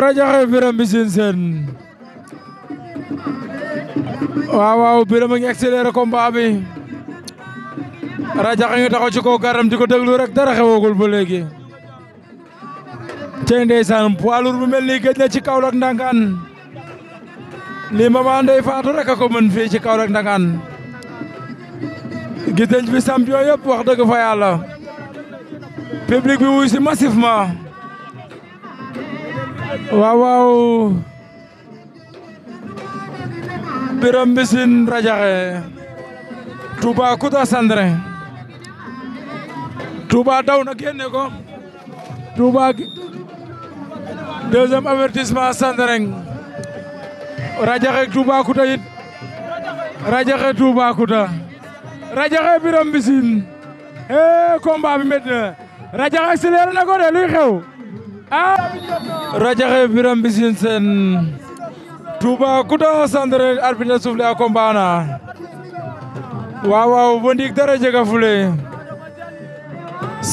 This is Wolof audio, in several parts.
Raja biram mbisin seen waaw waaw biram a ngi accéléré combat bi rajaxe ngi taxaw ci garam cukup ko déglu rek dara xewagul ba léegi cey ndeysaan poids bu mel nii gëj na ci Kaolack Ndangaan lii mama Ndeye Fatou rek ko mën fii ci public bi wuy massivement waaw waaw Biram Mbissine Radiakhé Toubacouta Sandré Touba daw na génne ko Touba deuxième avertissement Sandré Radiakhé Toubacouta yit Radiakhé Toubacouta Radiakhé Biram Mbissine eh, hee combat bi métti na Radiakhé accéléré na ko de luy xew Ah! Radiakhé Birame Mbissine Sène Toubacouta centre arbitre na soufflé a combat na waaw waaw bo ndiik dara jega fule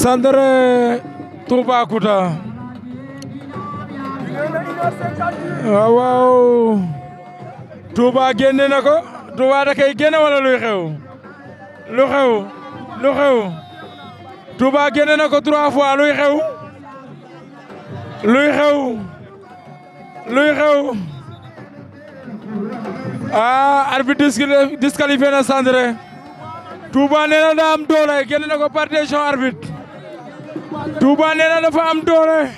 centre Toubacouta waaw waaw Touba ko Touba da kay génne wala xew lu xew lu xew Touba génne na ko trois fois luy xew luy xew luy xew ah arbitre disqualifié na Sandré Touba nee na daa am doole génn na ko par décision arbitre Touba na dafa am doole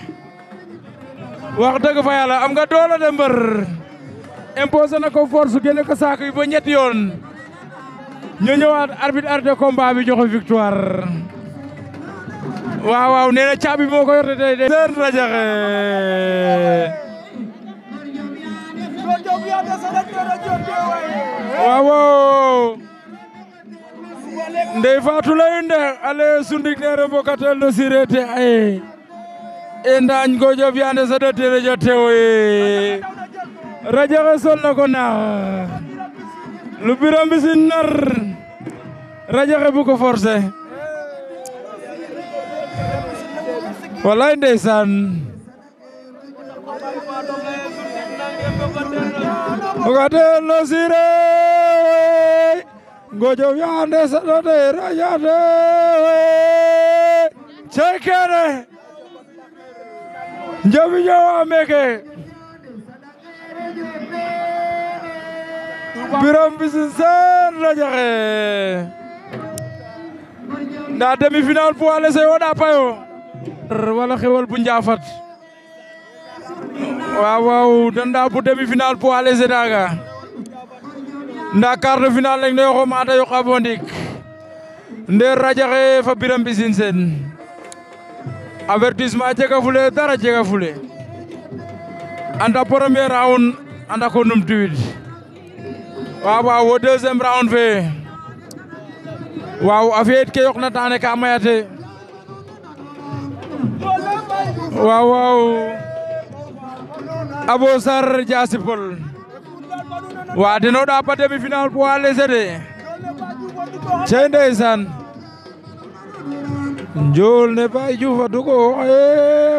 wax dëgg fa yàlla am nga doole de mbër imposé na ko force génne ko saako yi ba ñetti yoon ñu ñëwaat arbitre arrêté combat bi joxe victoire waaw waaw nee na caabi moo ko yor tey de. Sër Rajaxe. waaw waaw. Ndeye Fatou leyinde ale sundik nere mbokatel no aye e ndañ gojof yande sadatene jattewo ye rajaxe solna ko naax lu biram bisin nar rajaxe bu ko wallaay ndeysaan ogatel no sire gojow yande saɗote rajate cekene jomi jowa meke biram bisin sen rajaxe nda demi final poids laissé woɗa payo wala xewal bu njaafat waaw waaw danda bu demi-finale poids léger daga nda quart de finale lañ noyo xo mata yoqa bo ndik ndeer rajaxe fa biram mbisin sen avertissement jega fule dara jega fule anda premier round anda ko numtuwid waaw waaw wo deuxième round fe waaw a fiyet ke yoqna taane ka mayate waaw waaw Abo Sarr Diassy Peulh wa denoɗa pa demi final poids léger de cey ndeysaan njool ne Baye Diouf a dugo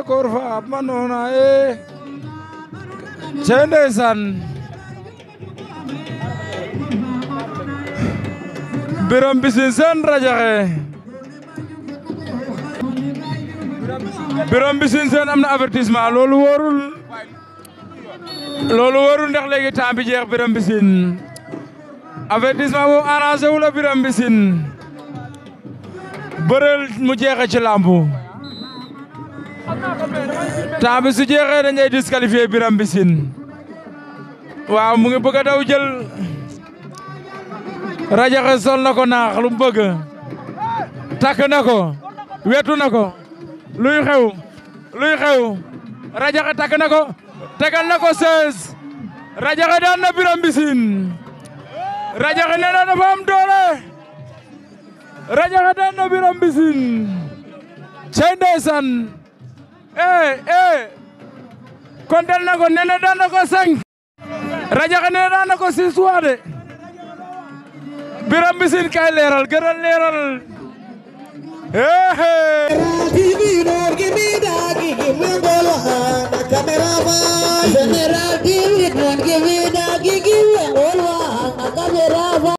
koor fa ab ma noona e cey ndeysaan Biram Mbissine Sene Radiakhé Birame Mbissine Sène am na avertissement loolu wóorul loolu wóorul ndax léegi temps bi jeex Birame Mbissine avertissement boobu arrangé wu la mu jeexee ci làmbu temps bi su jeexee dañ lay waaw mu ngi bëgg a daw jël rajaxe sol na ko naax lu mu takk na ko wetu na ko luy xew luy xew rajaxe takk na ko tegal na ko 16 rajaxe daan na bisin rajaxe nee na am doole rajaxe daan na bisin cey ndeysaan eh eh kon ko nee na ko 5 rajaxe nee na ko 6 waa de bisin kay leeral gëral leeral eh eh